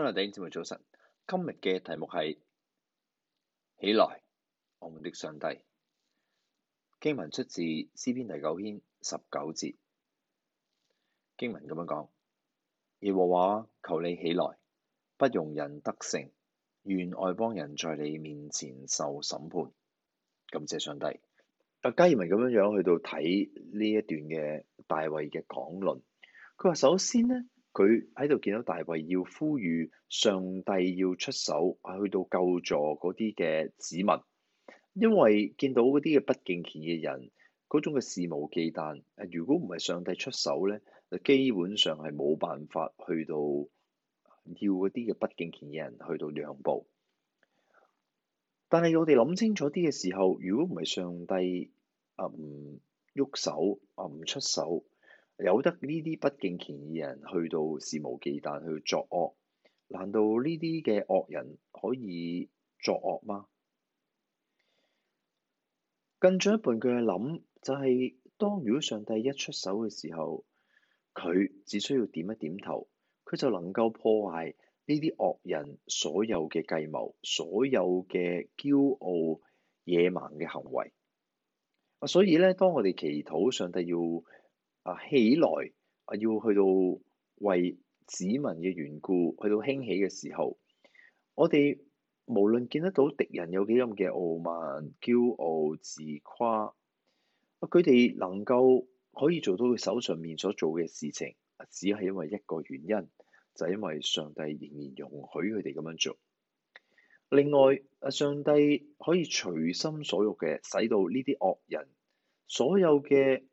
日今日嘅題目係起來，我們的上帝。經文出自詩篇第九篇十九節，經文咁樣講：耶和華，求你起來，不容人得勝，願外邦人在你面前受審判。感謝上帝。阿、啊、加爾文咁樣樣去到睇呢一段嘅大衛嘅講論，佢話首先呢……」佢喺度見到大衛要呼籲上帝要出手啊，去到救助嗰啲嘅子民，因為見到嗰啲嘅不敬虔嘅人嗰種嘅肆無忌憚，如果唔係上帝出手咧，就基本上係冇辦法去到要嗰啲嘅不敬虔嘅人去到讓步。但係我哋諗清楚啲嘅時候，如果唔係上帝啊唔喐手啊唔、嗯、出手。有得呢啲不敬虔嘅人去到肆無忌憚去作惡，難道呢啲嘅惡人可以作惡嗎？更進一步，佢嘅諗就係、是、當如果上帝一出手嘅時候，佢只需要點一點頭，佢就能夠破壞呢啲惡人所有嘅計謀、所有嘅驕傲、野蠻嘅行為。啊，所以咧，當我哋祈禱上帝要。啊！起來啊！要去到為子民嘅緣故，去到興起嘅時候，我哋無論見得到敵人有幾咁嘅傲慢、驕傲、自誇，啊！佢哋能夠可以做到佢手上面所做嘅事情，只係因為一個原因，就係因為上帝仍然容許佢哋咁樣做。另外啊，上帝可以隨心所欲嘅，使到呢啲惡人所有嘅。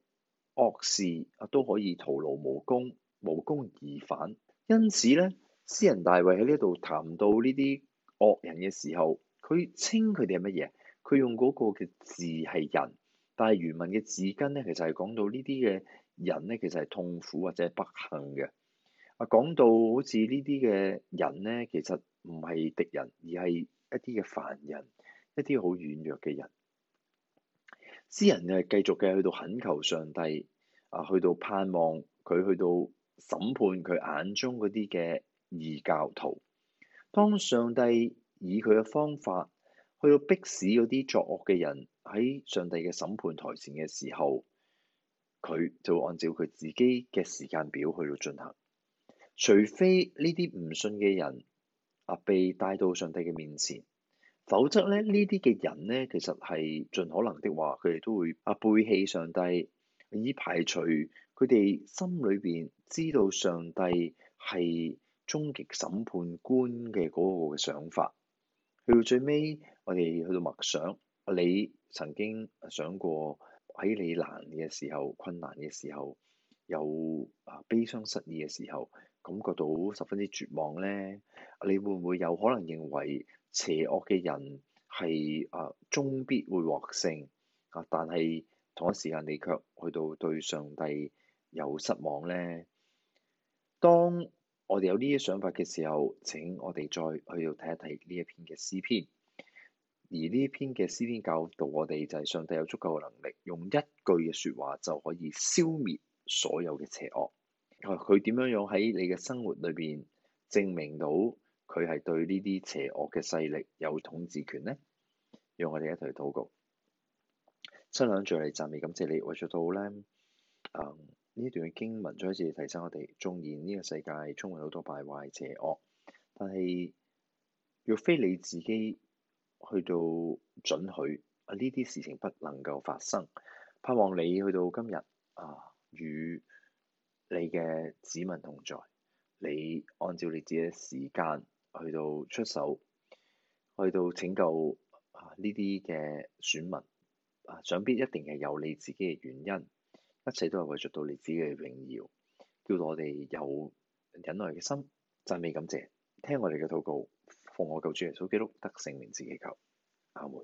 惡事啊都可以徒勞無功、無功而返。因此咧，詩人大衛喺呢度談到呢啲惡人嘅時候，佢稱佢哋係乜嘢？佢用嗰個嘅字係人，但係原文嘅字根咧，其實係講到呢啲嘅人咧，其實係痛苦或者不幸嘅。啊，講到好似呢啲嘅人咧，其實唔係敵人，而係一啲嘅凡人，一啲好軟弱嘅人。私人又係繼續嘅去到懇求上帝，啊，去到盼望佢去到審判佢眼中嗰啲嘅異教徒。當上帝以佢嘅方法去到逼使嗰啲作惡嘅人喺上帝嘅審判台前嘅時候，佢就按照佢自己嘅時間表去到進行，除非呢啲唔信嘅人啊被帶到上帝嘅面前。否則咧，呢啲嘅人咧，其實係盡可能的話，佢哋都會啊背棄上帝，以排除佢哋心裏邊知道上帝係終極審判官嘅嗰個嘅想法。去到最尾，我哋去到默想，你曾經想過喺你難嘅時候、困難嘅時候，有啊悲傷失意嘅時候。感覺到十分之絕望咧，你會唔會有可能認為邪惡嘅人係啊終必會獲勝啊？但係同一時間你卻去到對上帝有失望咧。當我哋有呢啲想法嘅時候，請我哋再去到睇一睇呢一篇嘅詩篇。而呢一篇嘅詩篇教導我哋就係上帝有足夠嘅能力，用一句嘅説話就可以消滅所有嘅邪惡。佢點樣樣喺你嘅生活裏邊證明到佢係對呢啲邪惡嘅勢力有統治權呢？讓我哋一齊去禱告。新娘，句嚟讚美感謝你為咗到咧，啊、嗯、呢段嘅經文再一次提醒我哋，縱然呢個世界充滿好多敗壞邪惡，但係若非你自己去到准許啊，呢啲事情不能夠發生，盼望你去到今日啊與。你嘅子民同在，你按照你自己嘅時間去到出手，去到拯救呢啲嘅選民啊，想必一定係有你自己嘅原因，一切都係為著到你自己嘅榮耀，叫到我哋有忍耐嘅心，讚美感謝，聽我哋嘅禱告，奉我救主耶穌基督得聖名字祈求，阿門。